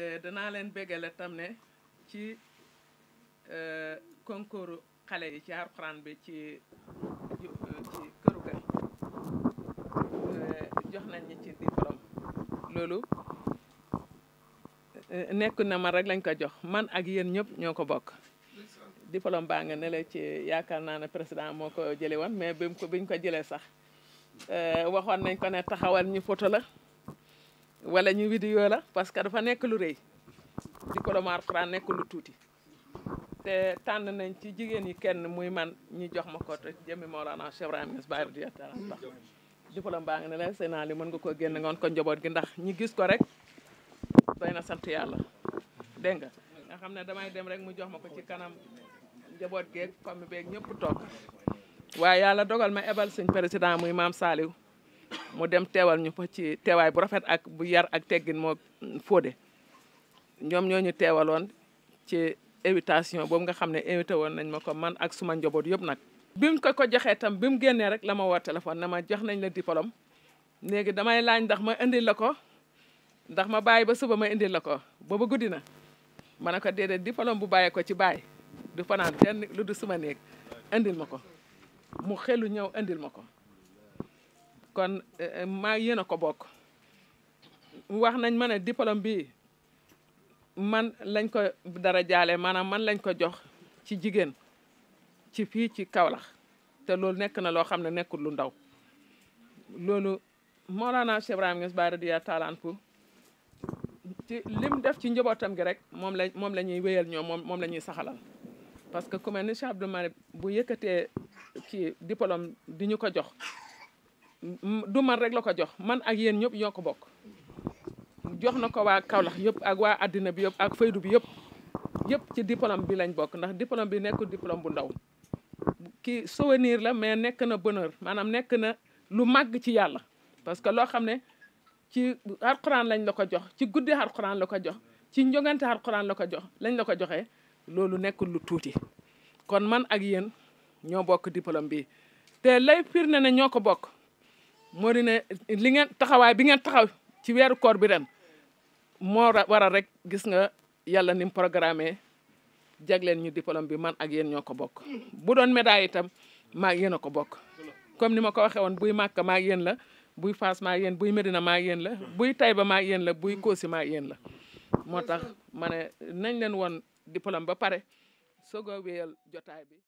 Euh, danaa leen bégale tam ne ci euh, concours xale yi ci alxuraan bi ci ci këru ga euh, jox nañ ci diplôme loolu nekk na ma rek lañ ko jox man ak yéen ñëpp ñoo ko bokk diplôme baa nga ne ci yaakaar naa ne président moo ko jële woon mais bi ko biñ ko jëlee sax waxoon nañ ko ne taxawal ñu photo la wala ñu video la parce que dafa nekk lu rëy diplomate franc nekk lu tuuti te tànn nañ ci jigéen yi kenn muy man ñu jox ma ko te jëmmi Mawlana Cheikh Ibrahima Niass Baye Radiya Taala tax diplôme baa ngi ne la sénat li mën nga koo génn ngoon ko njaboot gi ndax ñi gis ko rek na sant yàlla dégg nga nga damay dem rek mu jox ma ci kanam njaboot geeg comme beeg dogal ma ebal suñ président muy maam Saliou mu dem teewal ñu fa ci teewaay bu rafet ak bu yar ak teggin moo ñoom ñoo ñu teewaloon ci invitation boobu nga xam ne invité woon nañ ma ko man ak suma njaboot yëpp nag. bi ko ko joxee tam bi mu génnee rek la ma woo téléphone na ma jox nañ la diplôme léegi damay laañ ndax ma indil la ko ndax ma bàyyi ba suba ma indil la ko booba guddi na ma ne ko déedéet diplôme bu bàyyee ko ci baay du fanaan kenn lu du suma néeg indil ma ko mu xelu ñëw indil ma ko. kon eh, eh, maa yéen a ko bokk wax nañ ma ne diplôme bi man lañ ko dara jaale maanaam man lañ ko jox ci jigéen ci fii ci kawlax te loolu nekk na loo xam ne nekkul lu ndaw loolu Mawlana Cheikh Ibrahima Niass Baye radiyallahu taala anhu ci lim def ci njabootam gi rek moom la moom la ñuy wéyal ñoom moom moom la ñuy saxalal parce que ku mel ni Cheikh Abdou bu yëkkatee ki diplôme di ñu ko jox du man rek la ko jox man ak yéen ñëpp ñoo bokk jox na ko waa Kaolack yëpp ak waa àddina bi yëpp ak faydu bi yëpp yëpp ci diplôme bi lañ bokk ndax diplôme bi nekkul diplôme bu ndaw kii souvenir la mais nekk na bonheur maanaam nekk na lu màgg ci yàlla parce que loo xam ne ci alxuraan lañ la ko jox ci guddi alxuraan la ko jox ci njogante alxuraan la ko jox lañ la ko joxee loolu nekkul lu tuuti kon man ak yéen ñoo bokk diplôme bi te lay na ne ñoo ko bokk moo di ne li ngeen taxawaay bi ngeen taxaw ci weeru koor bi ren moo waral rek gis nga yàlla ni mu programme jagleen ñu diplôme bi man ak yéen ñoo ko bokk. bu doon médaille itam maag yéen a ko bokk comme ni ma ko waxee woon buy Màkka maa yéen la buy Fass maa yéen buy Medina maa yéen la buy Taïba maa yéen la buy Koosi maa yéen la moo tax ma ne nañ leen woon diplôme ba pare soog a wéyal jotaay bi.